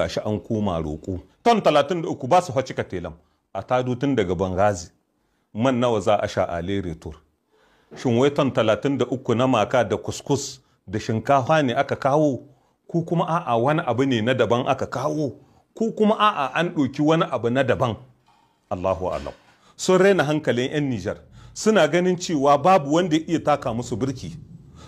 gashi an koma roƙo ton 33 ba su cika telam a tado tun daga bangazi man nawa za a sha ale retur shin wai ton uku na maka da kuskus da shinkafa ne aka kawo ko kuma a'a wani abu ne na daban aka kawo ko kuma a'a an ɗoki wani abu na daban Allahu alam sun raina hankalin 'yan Nijar suna ganin cewa babu wanda ya iya taka musu birki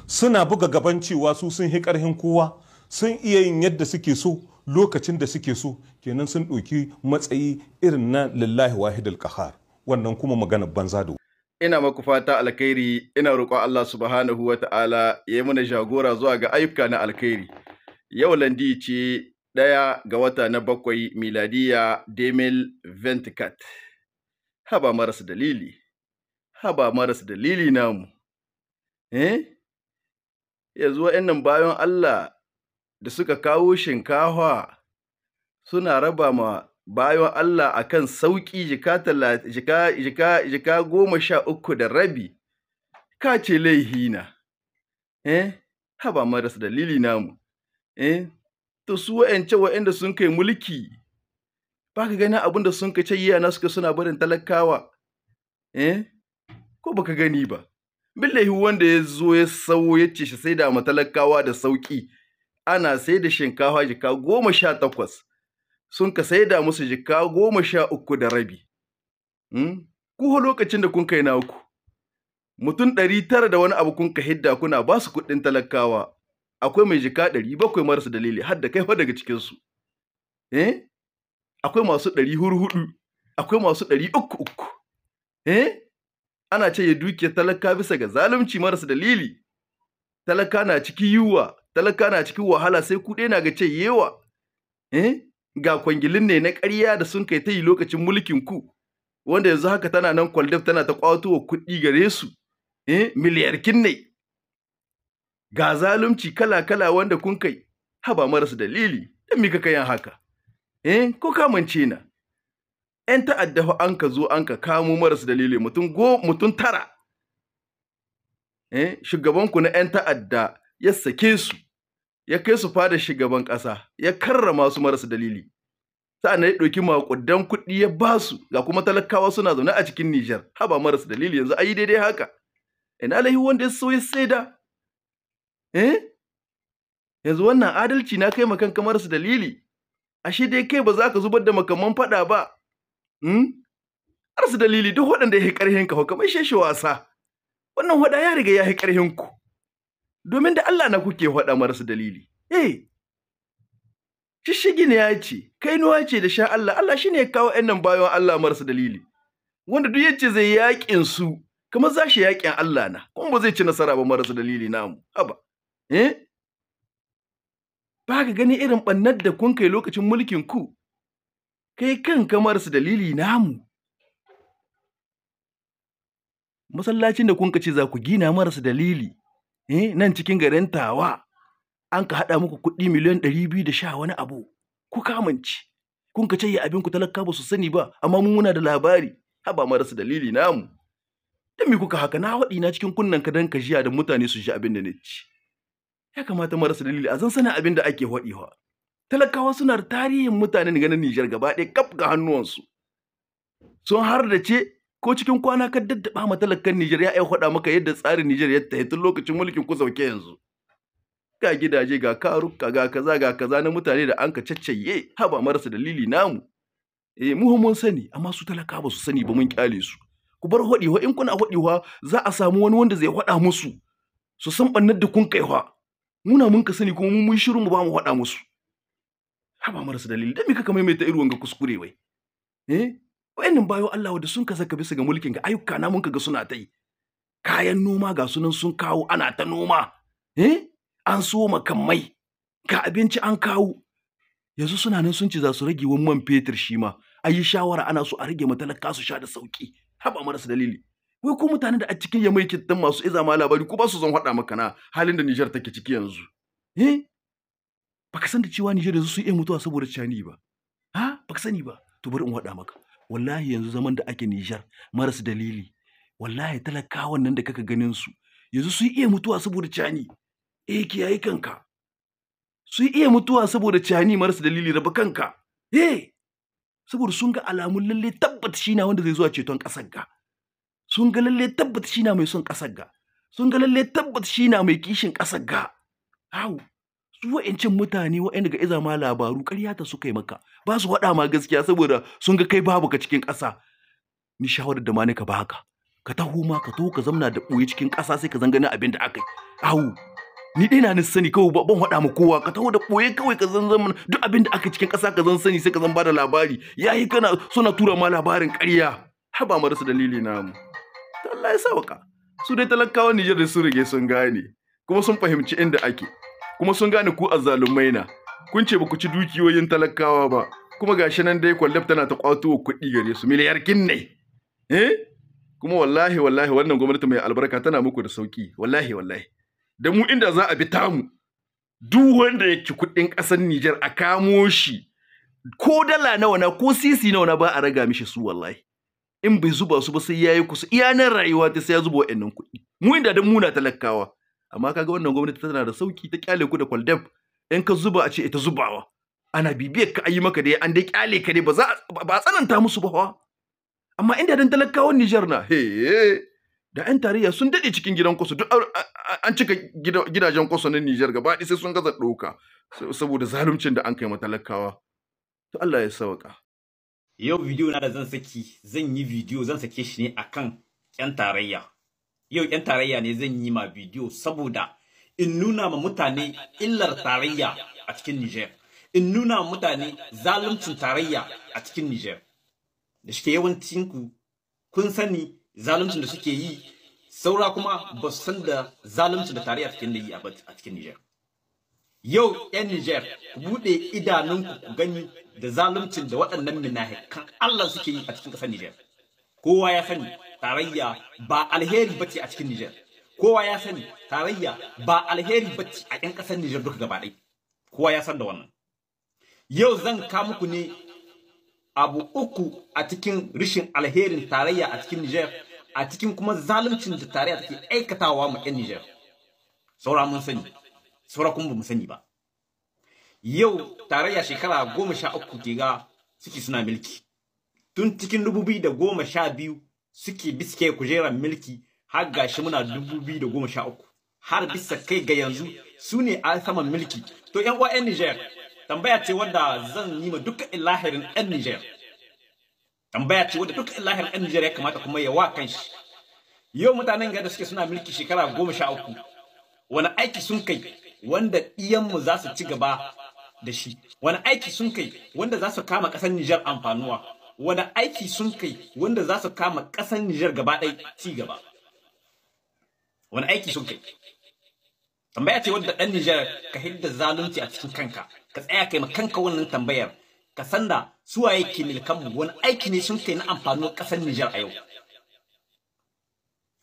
suna buga gaban cewa su sun hi ƙarhin kowa sun iya yin yadda suke so lokacin da suke so kenan sun ɗauki matsayi irin na lillahi wahidul qahar wannan kuma magana banza da ina maku fata alkhairi ina roƙon Allah subhanahu wa ta'ala ya yi mana jagora zuwa ga ayyuka na alkhairi yau landi ce ɗaya ga wata na bakwai miladiya demil venticat haba maras dalili haba maras dalili namu eh yanzu wa'annan bayan Allah da suka kawo shinkawa suna raba ma bayan Allah a kan sauƙi jika goma sha uku da rabi, ka ce na? eh, haba marasa dalili namu, eh, to su wa'yance wa'yanda sun kai mulki, ba ka gani abin da sun ka ce yana suka suna barin talakawa, eh, ko ba ka gani ba, billahi wanda ya zo ya sauwo ya ce shi sai da matalakawa talakawa da sauƙi. ana sai da shinkafa jika goma sha takwas sun ka sai da musu jika goma sha uku da rabi. Hmm? Kuhu lokacin da kun kai naku, mutum ɗari tara da wani abu kun ka hidda kuna ba su kuɗin talakawa, akwai mai jika ɗari bakwai marasa dalili har da kai daga cikinsu. Eh? Akwai masu ɗari huru hudu, akwai masu ɗari uku uku. Eh? Ana ce ya dukiya talaka bisa ga zalunci marasa dalili. Talaka na ciki yiwuwa, talaka na cikin wahala sai ku na ga ce yewa eh ga kwangilin ne na ƙarya da sun kai ta yi lokacin mulkin ku wanda yanzu haka tana nan kwaldef tana ta kwato wa kuɗi gare su eh miliyarkin ne ga zalunci kala kala wanda kun kai haba marasa dalili dan mika kayan haka eh ko kamance na ‘yan ta'adda fa an ka zo an ka kamo marasa dalili mutum go mutum tara. Eh, shugabanku na ‘yan ta'adda ya sake su ya kai su fada shugaban ƙasa ya karrama su marasa dalili sa'an ya ɗauki maƙudan kuɗi ya ba su ga kuma talakawa suna zaune a cikin Nijar haba marasa dalili yanzu ayi daidai haka ina lahi wanda ya so ya saida eh yanzu wannan adalci na kai makan kamar su dalili ashe dai kai ba za ka zubar da makaman faɗa ba hmm? dalili duk waɗanda ya yi ƙarhin ka kamar sheshe wasa wannan waɗa ya riga ya yi ƙarhin ku domin da Allah na kuke faɗa marasu dalili. Eh, shishigi ne ya ce, kai nuwa ce da sha Allah, Allah shi ne ya kawo ‘yan nan bayan Allah marasu dalili, wanda duk yace zai yaƙin su, kamar za shi yaƙin Allah na, kuma ba zai ci nasara ba marasu dalili namu, haba. Eh? Ba ka gani irin ɓannar da kun kai lokacin mulkin ku, kai kanka marasu dalili namu. Masallacin da kun ka ce za ku gina marasa dalili, eh nan cikin garin tawa an ka haɗa muku kuɗi miliyan ɗari biyu da sha wani abu ku kamanci kun ka ce abin ku talaka ba su sani ba amma mun muna da labari haba ma rasa dalili namu dan me kuka haka na waɗi na cikin kunnen ka dan ka jiya da mutane su ji abin da ne ci ya kamata marasa dalili a zan sani abin da ake wa. talakawa suna da tarihin mutanen ganin Nijar gaba ɗaya kaf ga hannuwansu sun har da ce ko cikin kwana ka daddaba ma talakan Nijar ya faɗa maka yadda tsarin Nijar ya tafi tun lokacin mulkin ku sauke yanzu. Ga gidaje ga karuka ga kaza ga kaza na mutane da an ka caccaye haba marasa dalili namu. Eh mu mun sani amma su talaka ba su sani ba mun kyale su. Ku bar haɗiwa in kuna haɗiwa za a samu wani wanda zai haɗa musu. Su san bannar da kun kaiwa. Muna mun ka sani kuma mun mun shiru mu ba mu haɗa musu. Haba marasa dalili dan me kaka maimaita irin ga kuskure wai. Eh wayannan bayo Allah wanda sun kasa bisa ga mulkin ga ayyuka na mun kaga suna ta yi kayan noma ga sunan sun kawo ana ta noma eh an so makamai ga abinci an kawo yanzu suna nan sun ci za su rage wani man fetur shi ma a yi shawara ana so a rage matalaka su sha da sauki haba marasa dalili wai ko mutanen da a cikin ya mai kittan masu iza ma labari ko ba su zan haɗa maka na halin da Nijar take ciki yanzu eh baka san da cewa Nijar yanzu sun iya mutuwa saboda cani ba ha ah? baka sani ba to bari in haɗa maka wallahi yanzu zaman da ake Nijar maras dalili wallahi talakawan nan da kaka ganin su yanzu sun iya mutuwa saboda cani eh yayi kanka sun iya mutuwa saboda cani maras dalili raba kanka eh saboda sun ga alamun lalle tabbata shi na wanda zai zuwa ceton kasar ga sun ga lalle tabbata shi na mai son kasar ga sun ga lalle tabbata shi na mai kishin kasar ga Awu, su wa'ancin mutane wa'yan ga iza ma labaru ƙarya ta suka yi maka ba su waɗa ma gaskiya saboda sun ga kai babu ka cikin ƙasa ni shawarar da ma ne ka ba haka ka taho ma ka taho ka zamna da ɓoye cikin ƙasa sai ka zangana abin da aka yi awu ni dai na ni sani kawai ban waɗa ma kowa ka taho da ɓoye kawai ka zan zama duk abin da aka cikin ƙasa ka zan sani sai ka zan bada labari Ya yi kana suna tura ma labarin ƙarya har ba marasa dalili na mu Allah ya sa waka su dai talakawan Nijar da sun rage sun gane kuma sun fahimci inda ake kuma sun gane ku azzalumai na kun ce baku ci dukiyoyin talakawa ba kuma gashi nan dai kwallaf tana ta kwato kuɗi gare su miliyar ne eh kuma wallahi wallahi wannan gwamnati mai albarka tana muku da sauki wallahi wallahi da mu inda za a bi tamu duk wanda yake kuɗin ƙasar Nijar a kamo shi ko dala nawa na ko sisi nawa na ba a raga mishi su wallahi in bai zuba su ba sai yayi kusa Iyanan rayuwa ta sai ya zuba wa'annan kuɗi mu inda da muna talakawa amma kaga wannan gwamnati tana da sauki ta kyale ku da kwaldam in ka zuba a ce ita zubawa ana bibiyar ka ayi maka dai an dai kyale ka dai ba za ba tsananta musu ba amma inda dan talakawan Niger na he da yan tarayya sun dade cikin gidan kwaso duk an cika gidajen kwaso na Niger gaba sai sun gaza doka saboda zaluncin da an kai matalakawa to Allah ya sauka yau bidiyo na da zan saki zan yi bidiyo zan sake shi ne akan yan tarayya yau yan tarayya ne zan yi ma bidiyo saboda in nuna ma mutane illar tarayya a cikin Niger in nuna ma mutane zaluncin tarayya a cikin Niger da shike yawancin ku kun sani zaluncin da suke yi saura kuma ba su san da zaluncin da tarayya cikin da yi a cikin Niger yau yan Niger ku bude idanunku ku gani da zaluncin da waɗannan minahikan Allah suke yi a cikin ƙasar Niger kowa ya sani tarayya ba alheri bace a cikin Nijar kowa ya sani tarayya ba alheri bace a ƴan ƙasar Nijar duk gaba ɗaya kowa ya san da wannan yau zan ka muku ne abu uku a cikin rishin alherin tarayya a cikin Nijar a cikin kuma zaluncin da tarayya take aikatawa mu ƴan Nijar saura mun sani saura kuma ba mu sani ba yau tarayya shekara goma sha uku ke ga suke suna milki tun cikin dubu biyu da goma sha biyu suke biske kujerar milki har gashi muna 2013 har bisa kai ga yanzu su ne a saman milki to yan uwa yan Niger tambaya ce wanda zan yi ma duka ilahirin yan Niger tambaya ce wanda duka ilahirin yan Niger ya kamata kuma ya wa kanshi yau mutanen ga da suke suna milki shekara 13 wani aiki sun kai wanda iyanmu za su ci gaba da shi wani aiki sun kai wanda za su kama ƙasar Nijar amfanuwa wani aiki sun kai wanda za su kama ƙasar Nijar gaba ɗaya ci gaba wani aiki sun kai tambaya ce wadda ɗan Nijar ka hidda zalunci a cikin kanka ka tsaya kai ma kanka wannan tambayar ka san da suwaye ke milkan wani aiki ne sun kai na amfanin ƙasar Nijar a yau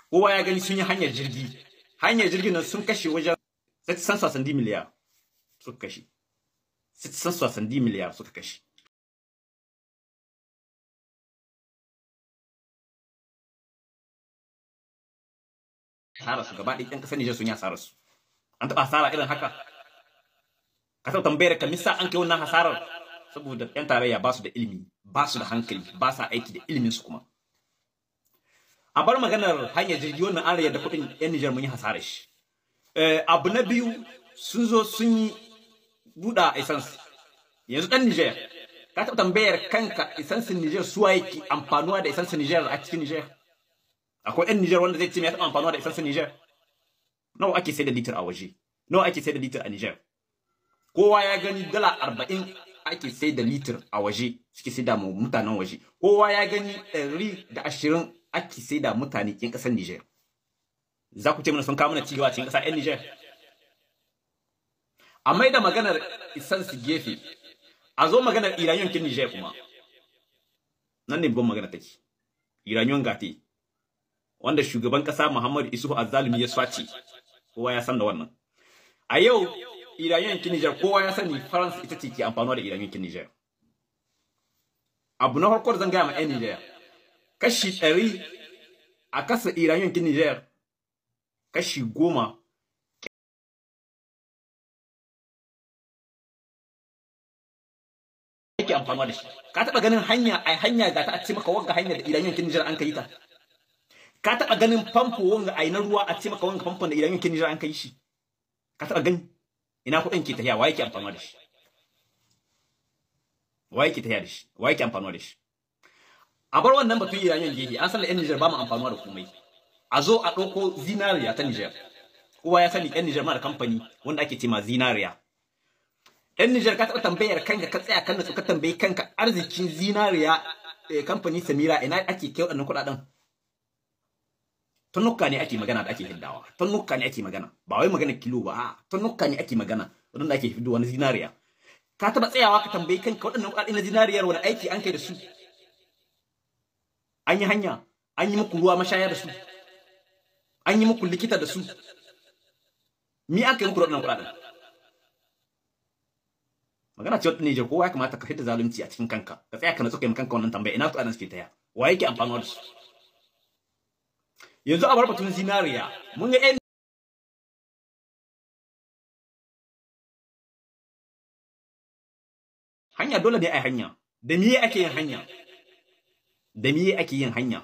kowa ya gani sun yi hanyar jirgi hanyar jirgin nan sun kashe wajen sai san sasan miliyar suka kashe sai san sasan miliyar suka kashe tara su gaba ɗaya ƙasar Nijar sun yi asara su an taɓa asara irin haka kasar tambayar ka misa an kai wannan hasarar saboda ƴan tarayya ba su da ilimi ba su da hankali ba sa aiki da ilimin su kuma a bar maganar hanyar jirgi wannan an rayar da kuɗin ƴan Nijar mun yi hasarar shi eh, abu na biyu sun zo sun yi buɗa essence yanzu ɗan Nijar ka taɓa tambayar kanka isansin Nijar suwa yake amfanuwa da isansin Nijar a cikin Nijar akwai yan Nijar wanda zai ce mai amfani da isansa Nijar nawa ake sai da litir a waje nawa ake sai da litir a Nijar kowa ya gani dala arba'in ake sai da litir a waje suke sai da mutanen waje kowa ya gani ɗari da ashirin ake sai da mutane kin ƙasar Nijar za ku ce mana sun kawo mana cigaba cikin ƙasa 'yan Nijar a mai da maganar isan su gefe a zo maganar iranyon kin Nijar kuma nan ne babban magana take iranyon gate wanda shugaban kasa Muhammad Isuhu Azzalumi ya swace kowa ya san da wannan a yau iranian yankin Niger kowa ya sani France ita ce ke amfanuwa da iranian yankin Niger abu na farko zan gaya ma yan Niger kashi ɗari a kasa iranian yankin Niger kashi goma ke amfanuwa da shi ka taɓa ganin hanya a hanya ga ta a ce maka wagga hanyar da iranian yankin Niger an kai ta ka taɓa ganin famfo wanga a na ruwa a ce maka wanga famfon da idan yake Nijar an kai shi ka taɓa gani ina kuɗin ke tafiya waye ke amfanuwa da shi waye ke tafiya da shi waye ke amfanuwa da shi a bar wannan batun Iranian gehe an san da yan Nijar ba mu amfanuwa da komai a zo a ɗauko zinariya ta Nijar kowa ya sani yan Nijar ma da kamfani wanda ake ce ma zinariya yan Nijar ka taɓa tambayar kanka ka tsaya kan da ka tambayi kanka arzikin zinariya eh, kamfani Samira ina ake kyau waɗannan kuɗaɗen tonukka ne ake magana da ake hiddawa tonukka ne ake magana ba wai magana kilo ba a'a ne ake magana wadanda ake hiddo wani zinariya ka taba tsayawa ka tambayi kanka wadannan kuɗaɗe na zinariyar wani aiki an kai da su an yi hanya an yi muku ruwa mashaya da su an yi muku likita da su mi an kai muku wadannan kuɗaɗen magana ce wadda Niger kowa ya kamata ka hidda zalunci a cikin kanka ka tsaya ka natsu kai kanka wannan tambaya ina kuɗaɗen suke taya wa yake amfanuwa da su yanzu a bar batun zinariya mun ga hanya dole ne a hanya da miye ake yin hanya da miye ake yin hanya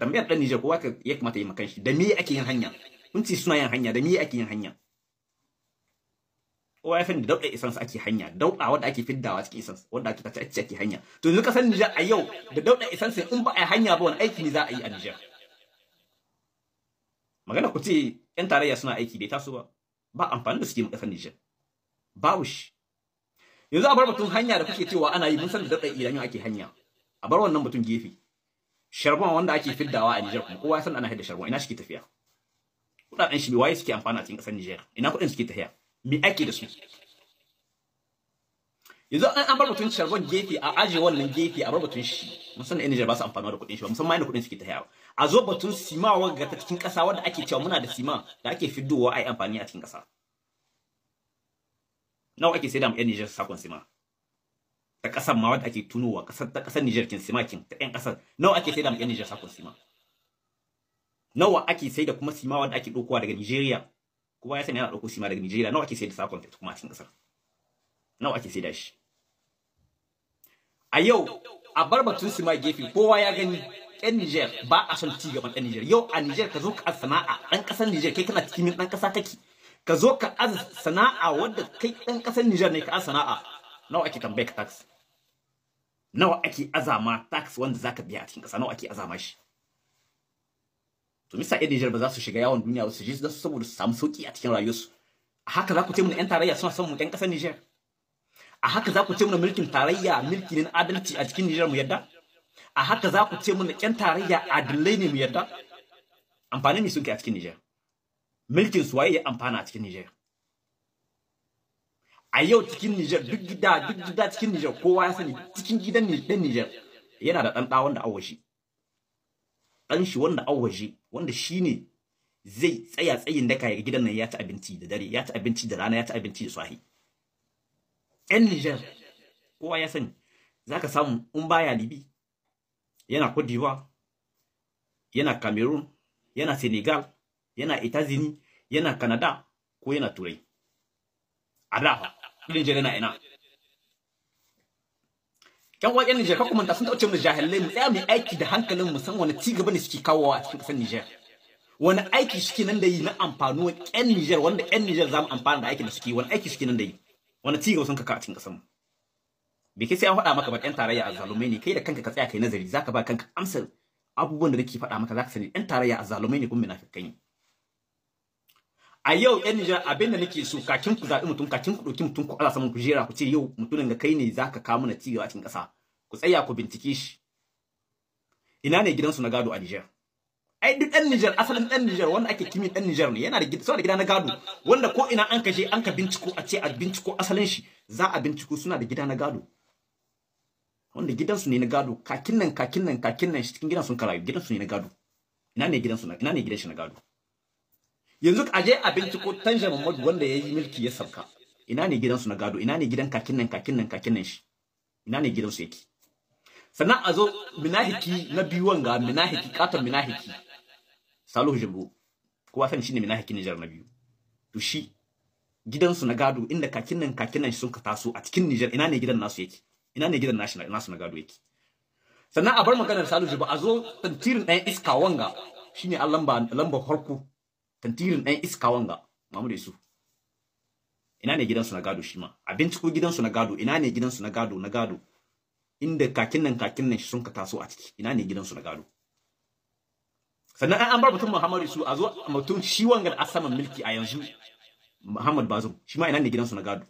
tambayar dan kowa ya kamata yi shi da miye ake yin hanya mun ci suna yin hanya da miye ake yin hanya dauɗa ake hanya dauɗa ake fiddawa cikin ake tace ake hanya to yanzu kasar Nijar a yau da dauɗa isansu in ba a yi hanya ba wani aiki ne za a yi a Nijar magana ku ce yan tarayya suna aiki bai taso ba ba amfani da suke mu kasar Nijar babu shi yanzu a bar batun hanya da kuke cewa ana yi mun san da daɗa idan ake hanya a bar wannan batun gefe sharban wanda ake fiddawa a Nijar kuma kowa ya san ana haida sharban ina shi ke tafiya kudaden shi waye suke amfana a cikin kasar Nijar ina kudin suke tafiya me ake da su yanzu an an bar batun sharban gefe a aje wannan gefe a bar batun shi mun san da Nijar ba su amfana da kudin shi ba musamman yadda kudin suke tafiya a zo batun sima ga ta cikin ƙasa wanda ake cewa muna da sima da ake fidowa a yi amfani a cikin ƙasa nawa ake sai da yan Niger sakon sima ta ƙasar ma wadda ake tunowa ƙasar ta ƙasar Niger kin sima kin ta ɗan ƙasar nawa ake sai da yan Niger sakon sima nawa ake sai da kuma sima wadda ake ɗaukowa daga Nigeria Kuma ya sani yana ɗauko sima daga Nigeria nawa ake sai da sakon ta kuma a cikin ƙasar nawa ake sai da shi a yau a bar batun su ma gefe kowa ya gani yan Niger ba a son ci gaban yan Niger yau a Niger ka zo ka sana'a dan kasar Niger kai kana cikin dan kasa kake ka zo ka az sana'a wanda kai dan kasar Niger ne ka az sana'a nawa ake tambaye ka tax nawa ake azama tax wanda zaka biya a cikin kasa nawa ake azama shi to misa yan Niger ba za su shiga yawon duniya su je saboda su samu sauki a cikin rayuwarsu haka za ku ce mu yan tarayya suna son mu yan kasar Niger a haka za ku ce muna mulkin tarayya mulki ne na adalci a cikin Nijar mu yadda a haka za ku ce muna kyan tarayya adalai ne mu yadda amfani ne sun kai a cikin Nijar mulkin su waye ya amfana a cikin Nijar a yau cikin Nijar duk gida duk gida cikin Nijar kowa ya sani cikin gidan dan Nijar yana da dan da wanda awashi dan shi wanda awashi wanda shine zai tsaya tsayin daka ya gidan nan ya ci abinci da dare ya ci abinci da rana ya ci abinci da sahi 'yan Niger kowa ya sani zaka samu in baya Libi yana Cote d'Ivoire yana Cameroon yana Senegal yana Itazini yana Canada ko yana Turai a da Nijar yana ina yan wa yan Nijar ka kuma sun dauce mu jahilai mu tsaya mu aiki da hankalin mu san wani ci gaba ne suke kawowa a cikin kasar Nijar wani aiki suke nan da yi na amfano yan Nijar wanda yan Nijar za mu amfana da aiki da suke wani aiki suke nan da yi wani cigaba sun kaka a cikin kasan bai sai an faɗa maka ba ɗan tarayya a zalumai ne kai da kanka ka tsaya kai nazari zaka ba kanka amsar abubuwan da nake faɗa maka zaka sani ɗan tarayya a zalumai ne kuma munafikai ne a yau yan Nijar abin da nake so kakin ku zaɓi mutum kakin ku ɗauki mutum ku ala saman ku jera ku ce yau mutumin da kai ne zaka kawo mana cigaba a cikin ƙasa ku tsaya ku bincike shi ina ne gidansu na gado a Nijar ai duk ɗan Nijar asalin ɗan Nijar wanda ake kimi ɗan Nijar ne yana da gida saboda gida na gado wanda ko ina an kaje an ka binciko a ce a binciko asalin shi za a binciko suna da gida na gado wanda gidan su ne na gado kakin nan kakin nan kakin nan cikin gidan sun karayu su ne na gado ina ne na ina ne gidan shi na gado yanzu ka je a binciko Tanja Muhammadu wanda ya yi ya sauka ina ne su na gado ina ne gidan kakin nan kakin nan kakin nan shi ina ne su yake sannan a zo minahiki na biyu ga minahiki katon minahiki Salihu Jambo kowa san shine mai nahikin Nijar na biyu to shi gidansu na gado inda kakin nan kakin nan sun ka taso a cikin Nijar ina ne gidan nasu yake ina ne gidan nasu nasu na gado yake sannan a bar maganar Salihu Jambo a zo tantirin ɗayan iska wanga shine an lamba lamba harku tantirin ɗayan iska wanga Muhammadu su ina ne gidansu na gado shi ma a binciko gidansu na gado ina ne gidansu na gado na gado inda kakin nan kakin nan sun ka taso a ciki ina ne gidansu na gado sannan an bar mutum Muhammadu su a zo mutum shi wanga da asaman milki a yanzu Muhammad Bazum shi ma ina ne gidansu na gado